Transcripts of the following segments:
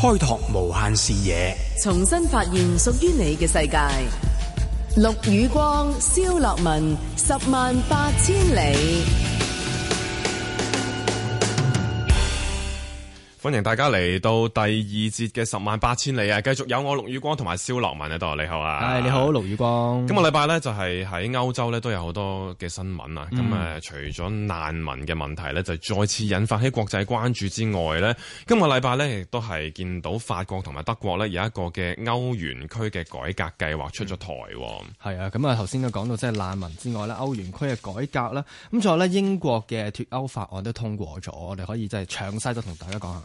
開拓無限視野，重新發現屬於你嘅世界。陸宇光，蕭樂文，十萬八千里。歡迎大家嚟到第二節嘅十萬八千里啊！繼續有我盧宇光同埋蕭樂文喺度，你好啊！係、哎、你好，盧宇光。今個禮拜呢，就係喺歐洲呢都有好多嘅新聞啊！咁、嗯、除咗難民嘅問題呢就再次引發起國際關注之外呢，今個禮拜亦都係見到法國同埋德國呢有一個嘅歐元區嘅改革計劃出咗台。係、嗯、啊、咁啊頭先都講到即係難民之外呢，歐元區嘅改革啦，咁仲有呢英國嘅脫歐法案都通過咗，我哋可以即係詳細都同大家講下。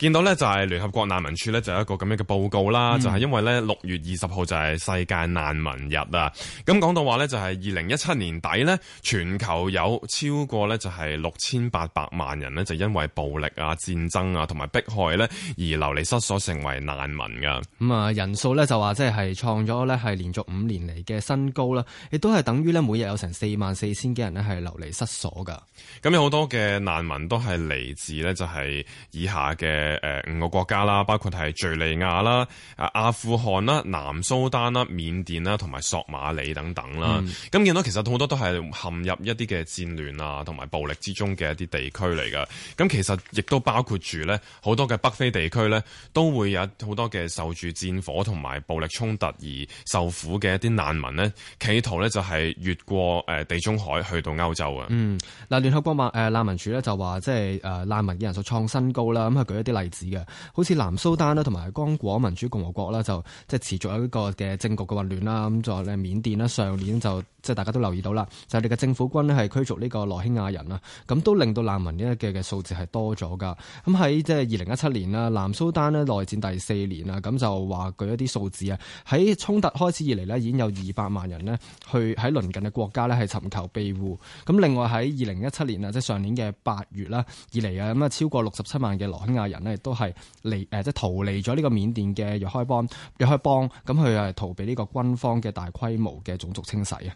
見到咧就係聯合國難民署咧就有一個咁樣嘅報告啦，就係、是、因為咧六月二十號就係世界難民日啊。咁講到話咧就係二零一七年底咧，全球有超過咧就係六千八百萬人呢，就因為暴力啊、戰爭啊同埋迫害咧而流離失所成為難民噶。咁啊、嗯，人數咧就話即係創咗咧係連續五年嚟嘅新高啦，亦都係等於咧每日有成四萬四千幾人咧係流離失所噶。咁、嗯、有好多嘅難民都係嚟自咧就係以下嘅。誒誒，五個國家啦，包括係敘利亞啦、阿、阿富汗啦、南蘇丹啦、緬甸啦，同埋索馬里等等啦。咁、嗯、見到其實好多都係陷入一啲嘅戰亂啊，同埋暴力之中嘅一啲地區嚟噶。咁其實亦都包括住咧，好多嘅北非地區咧，都會有好多嘅受住戰火同埋暴力衝突而受苦嘅一啲難民呢，企圖咧就係越過，誒，地中海去到歐洲啊。嗯，嗱聯合國萬誒難民署咧就話，即係誒難民嘅人數創新高啦。咁佢舉一啲例子嘅，好似南蘇丹啦，同埋剛果民主共和國啦，就即係持續有一個嘅政局嘅混亂啦。咁就咧，緬甸啦，上年就即係大家都留意到啦，就係你嘅政府軍係驅逐呢個羅興亞人啦，咁都令到難民呢一嘅嘅數字係多咗噶。咁喺即係二零一七年啦，南蘇丹呢內戰第四年啦，咁就話舉一啲數字啊，喺衝突開始以嚟呢，已經有二百萬人呢去喺鄰近嘅國家呢係尋求庇護。咁另外喺二零一七年啊，即係上年嘅八月啦以嚟啊，咁啊超過六十七萬嘅羅興亞人亦都係離誒，即係逃離咗呢個緬甸嘅若開邦，若開邦咁佢係逃避呢個軍方嘅大規模嘅種族清洗啊。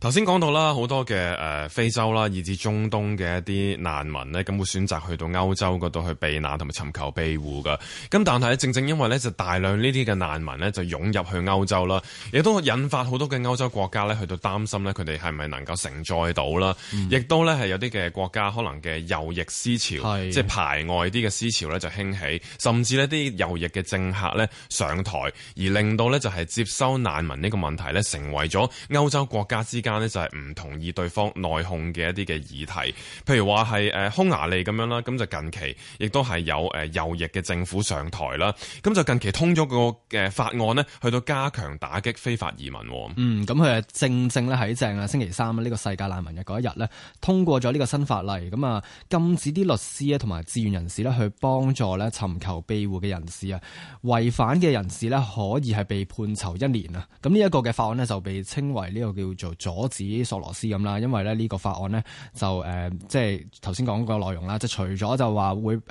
頭先講到啦，好多嘅誒非洲啦，以至中東嘅一啲難民呢，咁會選擇去到歐洲嗰度去避難，同埋尋求庇護噶。咁但係，正正因為呢，就大量呢啲嘅難民呢，就湧入去歐洲啦，亦都引發好多嘅歐洲國家呢，去到擔心呢、嗯，佢哋係咪能夠承載到啦？亦都呢，係有啲嘅國家可能嘅右翼思潮，是即係排外啲嘅思潮呢，就興起，甚至呢啲右翼嘅政客呢，上台，而令到呢，就係接收難民呢個問題呢，成為咗歐洲國家之間。咧就係唔同意對方內控嘅一啲嘅議題，譬如話係誒匈牙利咁樣啦，咁就近期亦都係有誒右翼嘅政府上台啦，咁就近期通咗個嘅法案呢，去到加強打擊非法移民。嗯，咁佢係正正咧喺正啊星期三呢，呢個世界難民日嗰一日呢，通過咗呢個新法例，咁啊禁止啲律師啊同埋志願人士呢去幫助咧尋求庇護嘅人士啊，違反嘅人士呢，可以係被判囚一年啊。咁呢一個嘅法案呢，就被稱為呢個叫做阻止索羅斯咁啦，因為咧呢個法案呢，就、呃、誒，即係頭先講嗰個內容啦，即係除咗就話會誒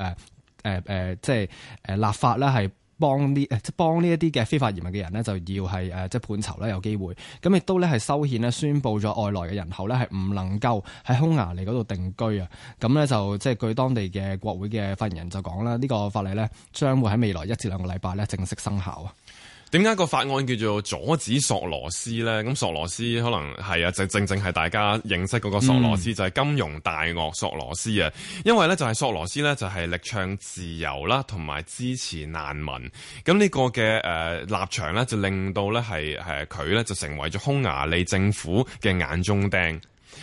誒誒，即係誒立法咧係幫啲即係幫呢一啲嘅非法移民嘅人呢，就要係誒即係判囚咧有機會，咁亦都咧係修憲呢，宣布咗外來嘅人口咧係唔能夠喺匈牙利嗰度定居啊，咁咧就即係據當地嘅國會嘅發言人就講啦，呢個法例呢，將會喺未來一至兩個禮拜呢正式生效啊。點解個法案叫做阻止索羅斯呢？咁索羅斯可能係啊，就正正正係大家認識嗰個索羅斯、嗯、就係金融大鱷索羅斯啊！因為呢，就係索羅斯呢，就係力倡自由啦，同埋支持難民。咁呢個嘅誒立場呢，就令到呢，係誒佢呢，就成為咗匈牙利政府嘅眼中釘。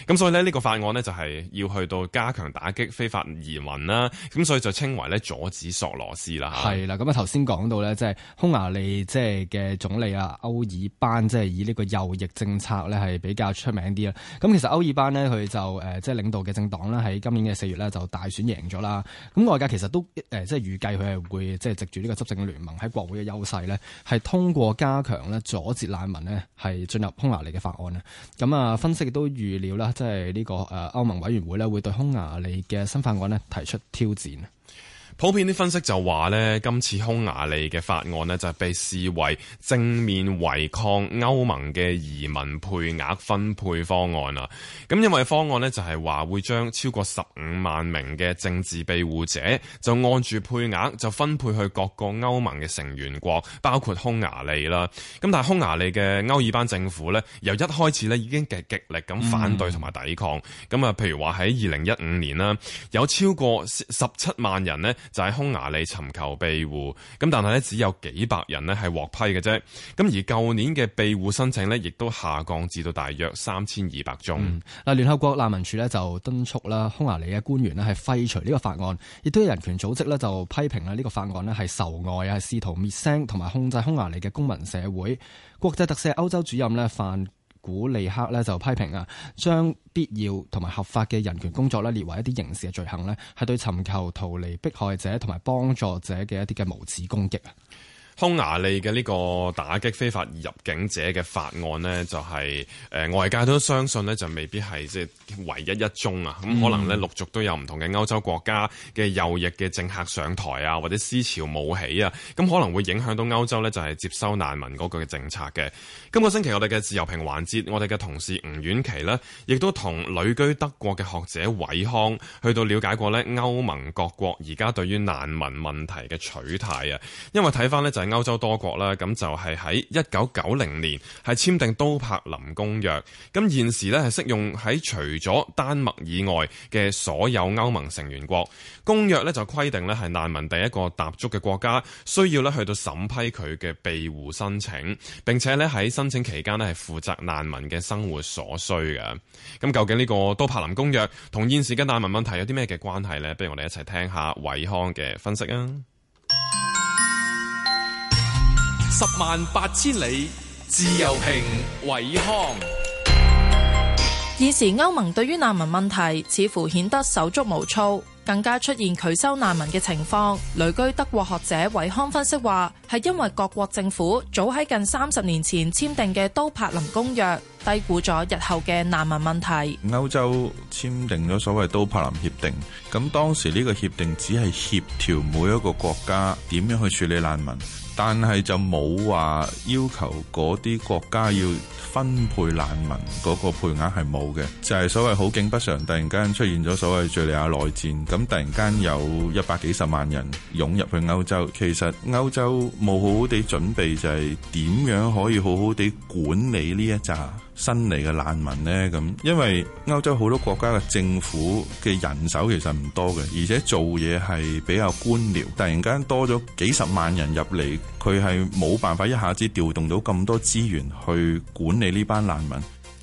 咁所以呢，呢個法案呢，就係要去到加強打擊非法移民啦。咁所以就稱為咧阻止索羅斯啦。係啦，咁啊頭先講到咧，即係匈牙利即係嘅總理啊歐爾班，即係以呢個右翼政策咧係比較出名啲啦。咁其實歐爾班呢，佢就誒即係領導嘅政黨啦，喺今年嘅四月咧就大選贏咗啦。咁外界其實都誒即係預計佢係會即係籍住呢個執政聯盟喺國會嘅優勢呢，係通過加強咧阻截難民呢，係進入匈牙利嘅法案啊。咁啊分析亦都預料。啦，即係呢個誒歐盟委員會咧，會對匈牙利嘅新法案咧提出挑戰。普遍啲分析就話呢今次匈牙利嘅法案呢，就係被視為正面違抗歐盟嘅移民配額分配方案啦。咁因為方案呢，就係話會將超過十五萬名嘅政治庇護者就按住配額就分配去各個歐盟嘅成員國，包括匈牙利啦。咁但係匈牙利嘅歐爾班政府呢，由一開始呢已經極極力咁反對同埋抵抗。咁啊、嗯，譬如話喺二零一五年啦，有超過十七萬人呢。就喺匈牙利尋求庇護，咁但係只有幾百人呢係獲批嘅啫。咁而舊年嘅庇護申請呢，亦都下降至到大約三千二百宗。嗱、嗯，聯合國難民署呢，就敦促啦，匈牙利嘅官員呢，係廢除呢個法案，亦都有人權組織呢，就批評啦呢個法案呢，係仇外啊，係試圖滅聲同埋控制匈牙利嘅公民社會。國際特赦歐洲主任呢，犯古利克咧就批評啊，將必要同埋合法嘅人權工作咧列為一啲刑事嘅罪行咧，係對尋求逃離迫害者同埋幫助者嘅一啲嘅無恥攻擊啊！匈牙利嘅呢個打擊非法入境者嘅法案呢，就係誒外界都相信呢，就未必係即係唯一一宗啊！咁、嗯、可能呢，陸續都有唔同嘅歐洲國家嘅右翼嘅政客上台啊，或者思潮冒起啊，咁可能會影響到歐洲呢，就係、是、接收難民嗰個嘅政策嘅。今個星期我哋嘅自由評環節，我哋嘅同事吳婉琪呢，亦都同旅居德國嘅學者瑋康去到了解過呢，歐盟各國而家對於難民問題嘅取態啊！因為睇翻呢，就係、是。歐洲多國啦，咁就係喺一九九零年係簽訂《都柏林公約》，咁現時咧，係適用喺除咗丹麥以外嘅所有歐盟成員國。公約咧，就規定咧，係難民第一個踏足嘅國家，需要咧去到審批佢嘅庇護申請，並且咧喺申請期間呢係負責難民嘅生活所需嘅。咁究竟呢個《都柏林公約》同現時嘅難民問題有啲咩嘅關係呢？不如我哋一齊聽下瑋康嘅分析啊！十萬八千里，自由評瑋康。現時歐盟對於難民問題似乎顯得手足無措，更加出現拒收難民嘅情況。旅居德國學者瑋康分析話，係因為各國政府早喺近三十年前簽訂嘅《都柏林公約》低估咗日後嘅難民問題。歐洲簽訂咗所謂《都柏林協定》，咁當時呢個協定只係協調每一個國家點樣去處理難民。但係就冇話要求嗰啲國家要分配難民嗰個配額係冇嘅，就係所謂好景不常，突然間出現咗所謂敍利亞內戰，咁突然間有一百幾十萬人湧入去歐洲，其實歐洲冇好好地準備，就係點樣可以好好地管理呢一揸新嚟嘅難民呢，咁，因為歐洲好多國家嘅政府嘅人手其實唔多嘅，而且做嘢係比較官僚，突然間多咗幾十萬人入嚟，佢係冇辦法一下子調動到咁多資源去管理呢班難民。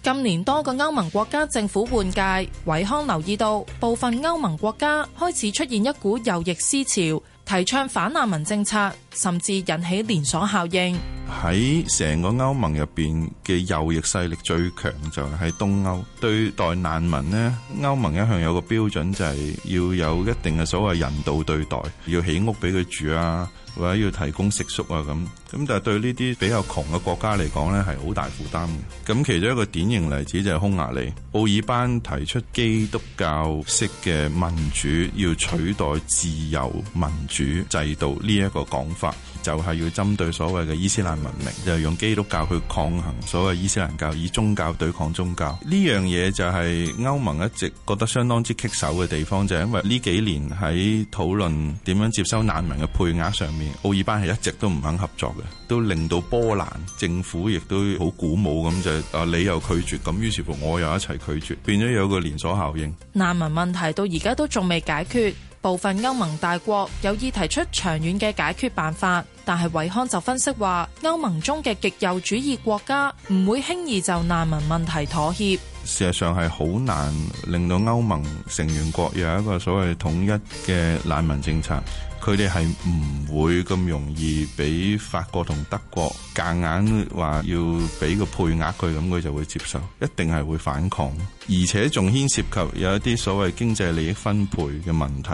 近年多個歐盟國家政府換屆，瑋康留意到部分歐盟國家開始出現一股右翼思潮。提倡反難民政策，甚至引起連鎖效應。喺成個歐盟入邊嘅右翼勢力最強就係喺東歐，對待難民呢，歐盟一向有個標準，就係要有一定嘅所謂人道對待，要起屋俾佢住啊，或者要提供食宿啊咁，咁但係對呢啲比較窮嘅國家嚟講咧，係好大負擔嘅。咁其中一個典型例子就係匈牙利，奧爾班提出基督教式嘅民主要取代自由民主制度呢一個講法，就係要針對所謂嘅伊斯蘭文明，就係用基督教去抗衡所謂伊斯蘭教，以宗教對抗宗教。呢樣嘢就係歐盟一直覺得相當之棘手嘅地方，就係因為呢幾年喺討論點樣接收難民嘅配額上面。奧爾班係一直都唔肯合作嘅，都令到波蘭政府亦都好鼓舞咁就啊，你又拒絕，咁於是乎我又一齊拒絕，變咗有一個連鎖效應。難民問題到而家都仲未解決，部分歐盟大國有意提出長遠嘅解決辦法，但係瑋康就分析話，歐盟中嘅極右主義國家唔會輕易就難民問題妥協。事實上係好難令到歐盟成員國有一個所謂統一嘅難民政策。佢哋係唔會咁容易俾法國同德國夾硬話要俾個配額佢，咁佢就會接受，一定係會反抗，而且仲牽涉及有一啲所謂經濟利益分配嘅問題。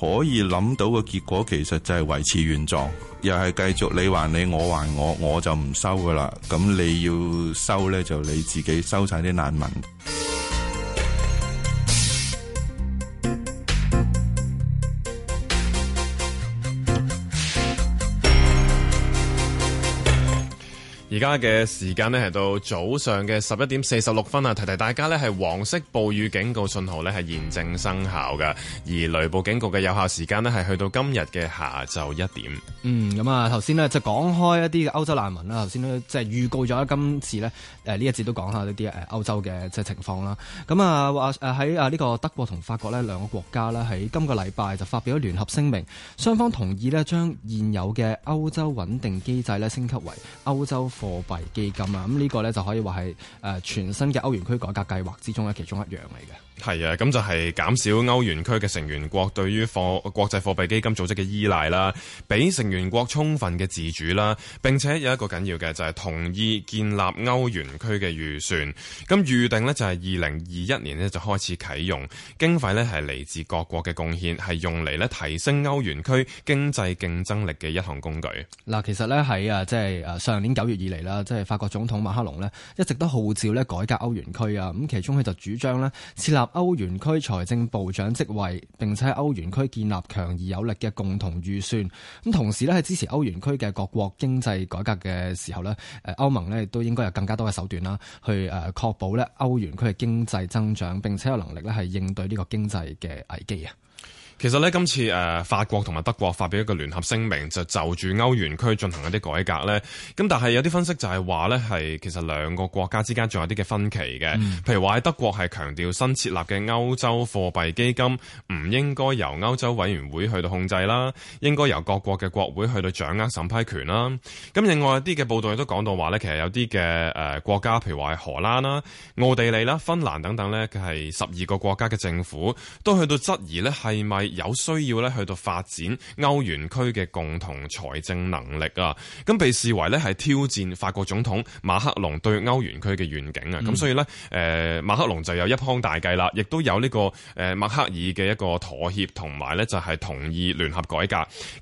可以諗到嘅結果其實就係維持原狀，又係繼續你還你我還我，我就唔收㗎喇。咁你要收呢，就你自己收晒啲難民。而家嘅時間咧係到早上嘅十一點四十六分啊！提提大家呢係黃色暴雨警告信號咧係現正生效㗎，而雷暴警告嘅有效時間咧係去到今日嘅下晝一點。嗯，咁啊頭先呢就講開一啲歐洲難民啦，頭先呢，即係預告咗今次呢，誒呢一節都講下呢啲誒歐洲嘅即係情況啦。咁啊話喺啊呢個德國同法國呢兩個國家呢，喺今個禮拜就發表咗聯合聲明，雙方同意咧將現有嘅歐洲穩定機制呢，升級為歐洲貨幣基金啊，咁呢個咧就可以話係誒全新嘅歐元區改革計劃之中嘅其中一樣嚟嘅。係啊，咁就係減少歐元區嘅成員國對於貨國際貨幣基金組織嘅依賴啦，俾成員國充分嘅自主啦。並且有一個緊要嘅就係、是、同意建立歐元區嘅預算，咁預定呢就係二零二一年呢，就開始啟用經費呢係嚟自各國嘅貢獻，係用嚟呢提升歐元區經濟競爭力嘅一項工具。嗱，其實呢喺啊即係啊上年九月以嚟啦，即係法國總統馬克龍呢，一直都號召呢改革歐元區啊，咁其中佢就主張呢設立歐元區財政部長職位，並且歐元區建立強而有力嘅共同預算。咁同時咧，喺支持歐元區嘅各國經濟改革嘅時候咧，誒，歐盟咧都應該有更加多嘅手段啦，去誒確保咧歐元區嘅經濟增長，並且有能力咧係應對呢個經濟嘅危機啊！其實咧，今次誒、呃、法國同埋德國發表一個聯合聲明，就就住歐元區進行一啲改革咧。咁但係有啲分析就係話咧，係其實兩個國家之間仲有啲嘅分歧嘅。嗯、譬如話喺德國係強調新設立嘅歐洲貨幣基金唔應該由歐洲委員會去到控制啦，應該由各國嘅國會去到掌握審批權啦。咁另外一啲嘅報道亦都講到話咧，其實有啲嘅誒國家，譬如話係荷蘭啦、奧地利啦、芬蘭等等咧，佢係十二個國家嘅政府都去到質疑咧，係咪？有需要咧，去到發展歐元區嘅共同財政能力啊，咁被視為咧係挑戰法國總統馬克龍對歐元區嘅願景啊，咁、嗯、所以咧，誒、呃、馬克龍就有一腔大計啦，亦都有呢、這個誒、呃、默克爾嘅一個妥協，同埋咧就係、是、同意聯合改革，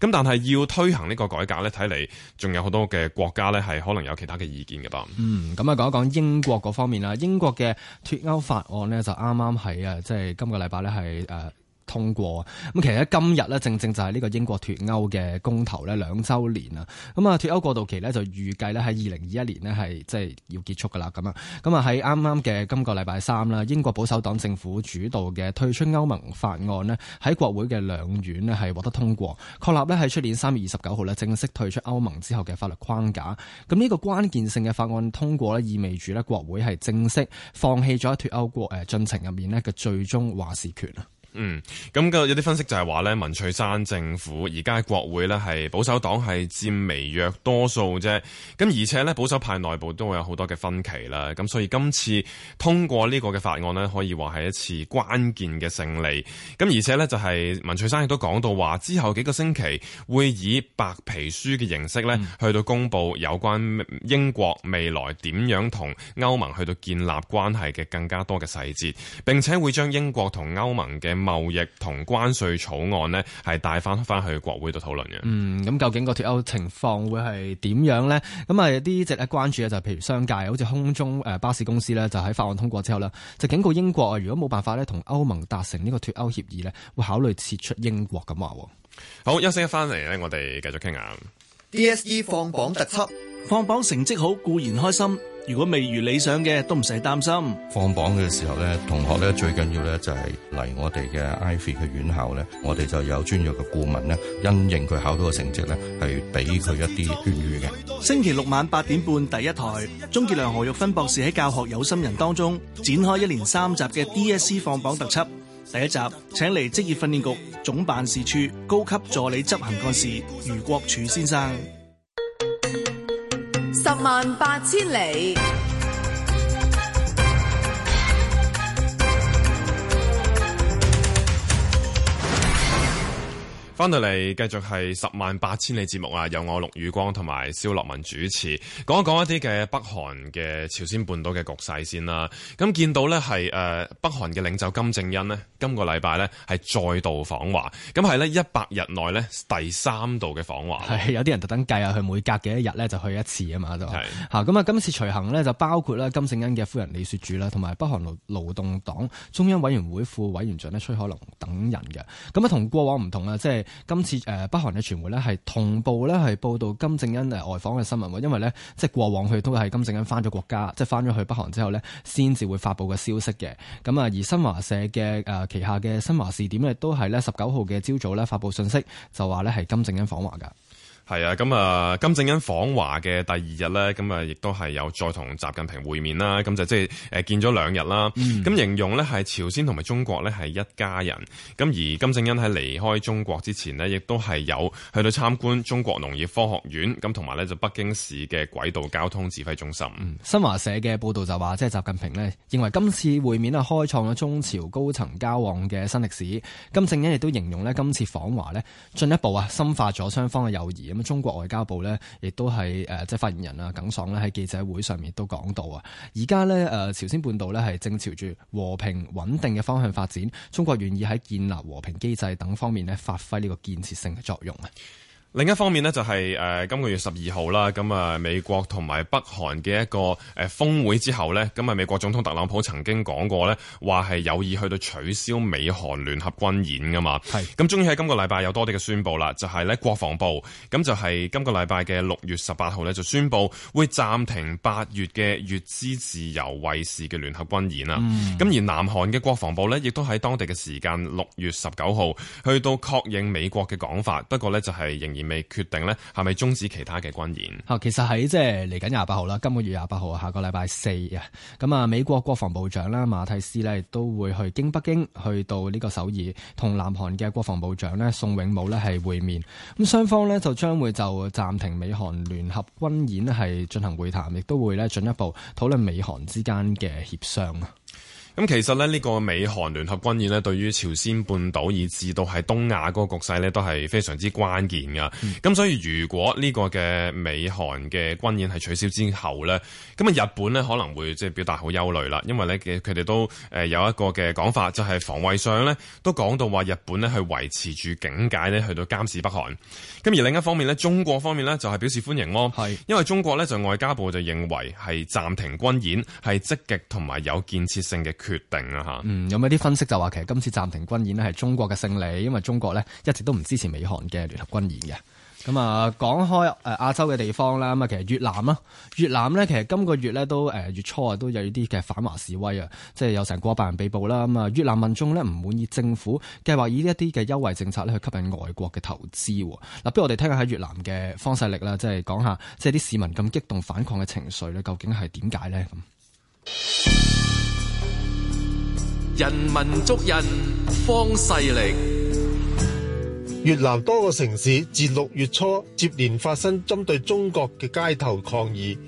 咁但係要推行呢個改革咧，睇嚟仲有好多嘅國家咧係可能有其他嘅意見嘅噃。嗯，咁啊講一講英國嗰方面啦，英國嘅脫歐法案呢，就啱啱喺啊，即係今個禮拜咧係通過咁，其實今日咧，正正就係呢個英國脱歐嘅公投咧兩週年啦。咁啊，脱歐過渡期咧就預計咧喺二零二一年咧係即係要結束噶啦。咁啊，咁啊喺啱啱嘅今個禮拜三啦，英國保守黨政府主導嘅退出歐盟法案咧喺國會嘅兩院咧係獲得通過，確立咧喺出年三月二十九號咧正式退出歐盟之後嘅法律框架。咁、這、呢個關鍵性嘅法案通過咧，意味住咧國會係正式放棄咗脱歐國誒進程入面咧嘅最終話事權啊。嗯，咁嘅有啲分析就係話咧，文翠山政府而家國會咧係保守黨係佔微弱多數啫，咁而且咧保守派內部都會有好多嘅分歧啦，咁所以今次通過呢個嘅法案咧，可以話係一次關鍵嘅勝利，咁而且咧就係文翠山亦都講到話之後幾個星期會以白皮書嘅形式咧去到公布有關英國未來點樣同歐盟去到建立關係嘅更加多嘅細節，並且會將英國同歐盟嘅貿易同關稅草案呢係帶翻翻去國會度討論嘅。嗯，咁究竟個脫歐情況會係點樣呢？咁啊，有啲值得關注嘅就係譬如商界，好似空中誒巴士公司咧，就喺法案通過之後呢，就警告英國啊，如果冇辦法咧同歐盟達成呢個脫歐協議呢，會考慮撤出英國咁話。好，休息一翻嚟咧，我哋繼續傾下 DSE 放榜特輯，放榜成績好固然開心。如果未如理想嘅，都唔使擔心。放榜嘅時候咧，同學咧最緊要咧就係嚟我哋嘅 IVE 嘅院校咧，我哋就有專業嘅顧問咧，因應佢考到嘅成績咧，係俾佢一啲勸喻嘅。星期六晚八點半，第一台，鍾杰良何玉芬博士喺教學有心人當中展開一連三集嘅 DSE 放榜特輯，第一集請嚟職業訓練局總辦事處高級助理執行幹事余國柱先生。十萬八千里。翻到嚟，繼續係十萬八千里節目啊！有我陸宇光同埋蕭樂文主持，講一講一啲嘅北韓嘅朝鮮半島嘅局勢先啦。咁見到呢係誒北韓嘅領袖金正恩呢，今個禮拜呢係再度訪華，咁係呢一百日內呢，第三度嘅訪華。係有啲人特登計下佢每隔幾多日呢就去一次啊嘛，就咁啊！今次隨行呢就包括啦金正恩嘅夫人李雪主啦，同埋北韓勞勞動黨中央委員會副委員長呢崔海龍等人嘅。咁啊同過往唔同啊，即係。今次誒北韓嘅傳媒咧係同步咧係報道金正恩誒外訪嘅新聞喎，因為咧即係過往佢都係金正恩返咗國家，即係返咗去北韓之後咧，先至會發布嘅消息嘅。咁啊，而新華社嘅誒旗下嘅新華視點咧都係咧十九號嘅朝早咧發布信息，就話咧係金正恩訪華㗎。係啊，咁啊金正恩訪華嘅第二日呢，咁啊亦都係有再同習近平會面啦，咁就即係誒見咗兩日啦。咁、嗯、形容呢係朝鮮同埋中國呢係一家人。咁而金正恩喺離開中國之前呢，亦都係有去到參觀中國農業科學院，咁同埋呢，就北京市嘅軌道交通指揮中心。新華社嘅報道就話，即係習近平呢認為今次會面啊，開創咗中朝高層交往嘅新歷史。金正恩亦都形容呢，今次訪華呢進一步啊深化咗雙方嘅友誼。中國外交部咧，亦都係誒、呃，即係發言人啊，耿爽咧喺記者會上面都講到啊，而家咧誒，朝鮮半島咧係正朝住和平穩定嘅方向發展，中國願意喺建立和平機制等方面咧，發揮呢個建設性嘅作用啊。另一方面呢，就係誒今個月十二號啦，咁啊美國同埋北韓嘅一個誒峰會之後咧，咁啊美國總統特朗普曾經講過咧，話係有意去到取消美韓聯合軍演噶嘛是。係咁終於喺今個禮拜有多啲嘅宣布啦，就係咧國防部咁就係今個禮拜嘅六月十八號咧就宣布會暫停八月嘅乙支自由衛士嘅聯合軍演啦。嗯。咁而南韓嘅國防部咧，亦都喺當地嘅時間六月十九號去到確認美國嘅講法，不過咧就係仍然。未決定咧，係咪終止其他嘅軍演？啊，其實喺即係嚟緊廿八號啦，今個月廿八號，下個禮拜四啊，咁啊，美國國防部長啦馬蒂斯咧，都會去京北京，去到呢個首爾，同南韓嘅國防部長咧宋永武咧係會面，咁雙方咧就將會就暫停美韓聯合軍演係進行會談，亦都會咧進一步討論美韓之間嘅協商。咁其實咧，呢個美韓聯合軍演咧，對於朝鮮半島以至到係東亞嗰個局勢咧，都係非常之關鍵噶。咁所以如果呢個嘅美韓嘅軍演係取消之後咧，咁啊日本咧可能會即係表達好憂慮啦，因為咧佢哋都誒有一個嘅講法，就係防衛上咧都講到話日本咧係維持住警戒咧，去到監視北韓。咁而另一方面咧，中國方面咧就係表示歡迎咯，係因為中國咧就外交部就認為係暫停軍演係積極同埋有建設性嘅。決定啊！嚇，嗯，有咩啲分析就話其實今次暫停軍演咧係中國嘅勝利，因為中國咧一直都唔支持美韓嘅聯合軍演嘅。咁、嗯、啊，講開誒、呃、亞洲嘅地方啦，咁啊，其實越南啊，越南呢，其實今個月咧都誒、呃、月初啊，都有啲嘅反華示威啊，即係有成過百人被捕啦。咁、嗯、啊，越南民眾咧唔滿意政府計劃以一啲嘅優惠政策咧去吸引外國嘅投資喎。嗱、嗯，不如我哋聽下喺越南嘅方世歷啦，即係講下即係啲市民咁激動反抗嘅情緒咧，究竟係點解呢？咁？ 人文足印方世歷，越南多個城市自六月初接連發生針對中國嘅街頭抗議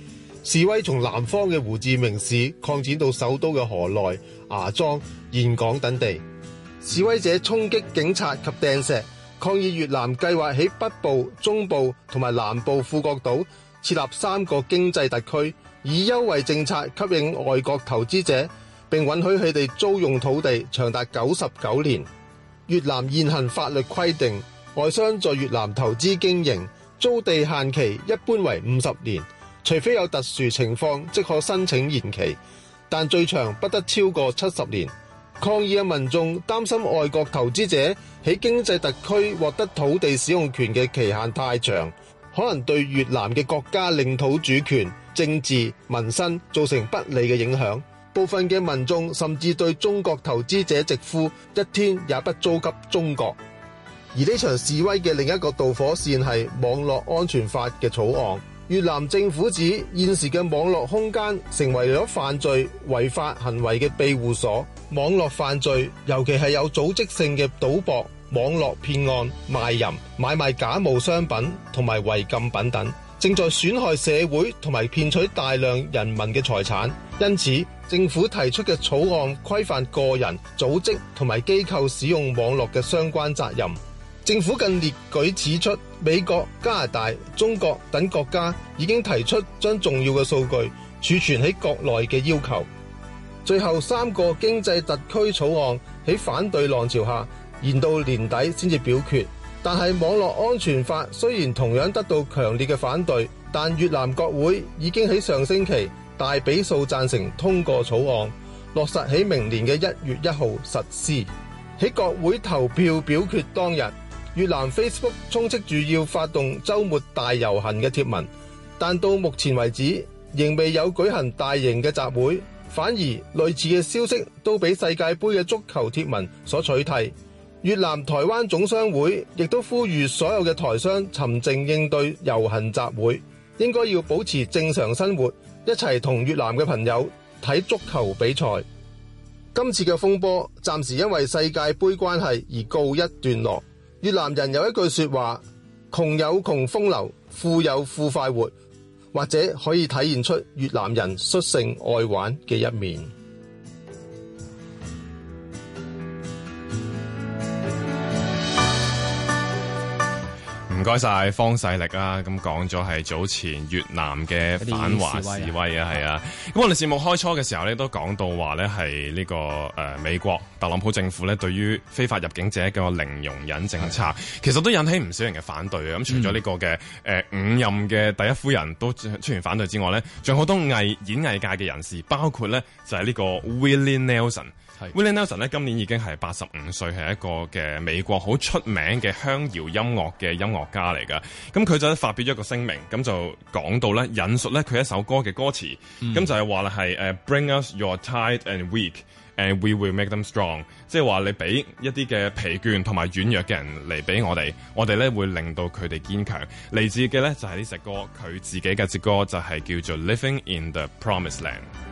示威，從南方嘅胡志明市擴展到首都嘅河內、芽莊、峴港等地。示威者衝擊警察及掟石，抗議越南計劃喺北部、中部同埋南部富國島設立三個經濟特區，以優惠政策吸引外國投資者。並允許佢哋租用土地長達九十九年。越南現行法律規定，外商在越南投資經營租地限期一般為五十年，除非有特殊情況，即可申請延期，但最長不得超過七十年。抗議嘅民眾擔心外國投資者喺經濟特區獲得土地使用權嘅期限太長，可能對越南嘅國家領土主權、政治、民生造成不利嘅影響。部分嘅民眾甚至對中國投資者直呼一天也不租給中國。而呢場示威嘅另一個導火線係網絡安全法嘅草案。越南政府指現時嘅網絡空間成為咗犯罪違法行為嘅庇護所。網絡犯罪尤其係有組織性嘅賭博、網絡騙案、賣淫、買賣假冒商品同埋違禁品等，正在損害社會同埋騙取大量人民嘅財產。因此，政府提出嘅草案規範個人、組織同埋機構使用網絡嘅相關責任。政府更列舉指出，美國、加拿大、中國等國家已經提出將重要嘅數據儲存喺國內嘅要求。最後三個經濟特區草案喺反對浪潮下，延到年底先至表決。但係網絡安全法雖然同樣得到強烈嘅反對，但越南國會已經喺上星期。大比數贊成通過草案，落實喺明年嘅一月一號實施。喺國會投票表決當日，越南 Facebook 充斥住要發動周末大遊行嘅貼文，但到目前為止仍未有舉行大型嘅集會，反而類似嘅消息都俾世界杯嘅足球貼文所取替。越南台灣總商會亦都呼籲所有嘅台商沉靜應對遊行集會，應該要保持正常生活。一齊同越南嘅朋友睇足球比賽。今次嘅風波暫時因為世界杯關係而告一段落。越南人有一句說話：窮有窮風流，富有富快活，或者可以體現出越南人率性愛玩嘅一面。唔該晒方世歷啊，咁講咗係早前越南嘅反華示威,示威啊，係啊的，咁的我哋節目開初嘅時候咧、這個，都講到話咧係呢個誒美國特朗普政府咧對於非法入境者嘅零容忍政策，的其實都引起唔少人嘅反對啊。咁除咗呢個嘅誒、嗯呃、五任嘅第一夫人都出出現反對之外咧，仲有好多藝演藝界嘅人士，包括咧就係呢個 Willie Nelson。Willie Nelson 咧今年已經係八十五歲，係一個嘅美國好出名嘅鄉謠音樂嘅音樂家嚟噶。咁佢就發表咗一個聲明，咁就講到咧引述咧佢一首歌嘅歌詞，咁、嗯、就係話係、uh, Bring us your tired and weak，and we will make them strong。即係話你俾一啲嘅疲倦同埋軟弱嘅人嚟俾我哋，我哋咧會令到佢哋堅強。嚟自嘅咧就係呢首歌，佢自己嘅隻歌就係叫做 Living in the Promised Land。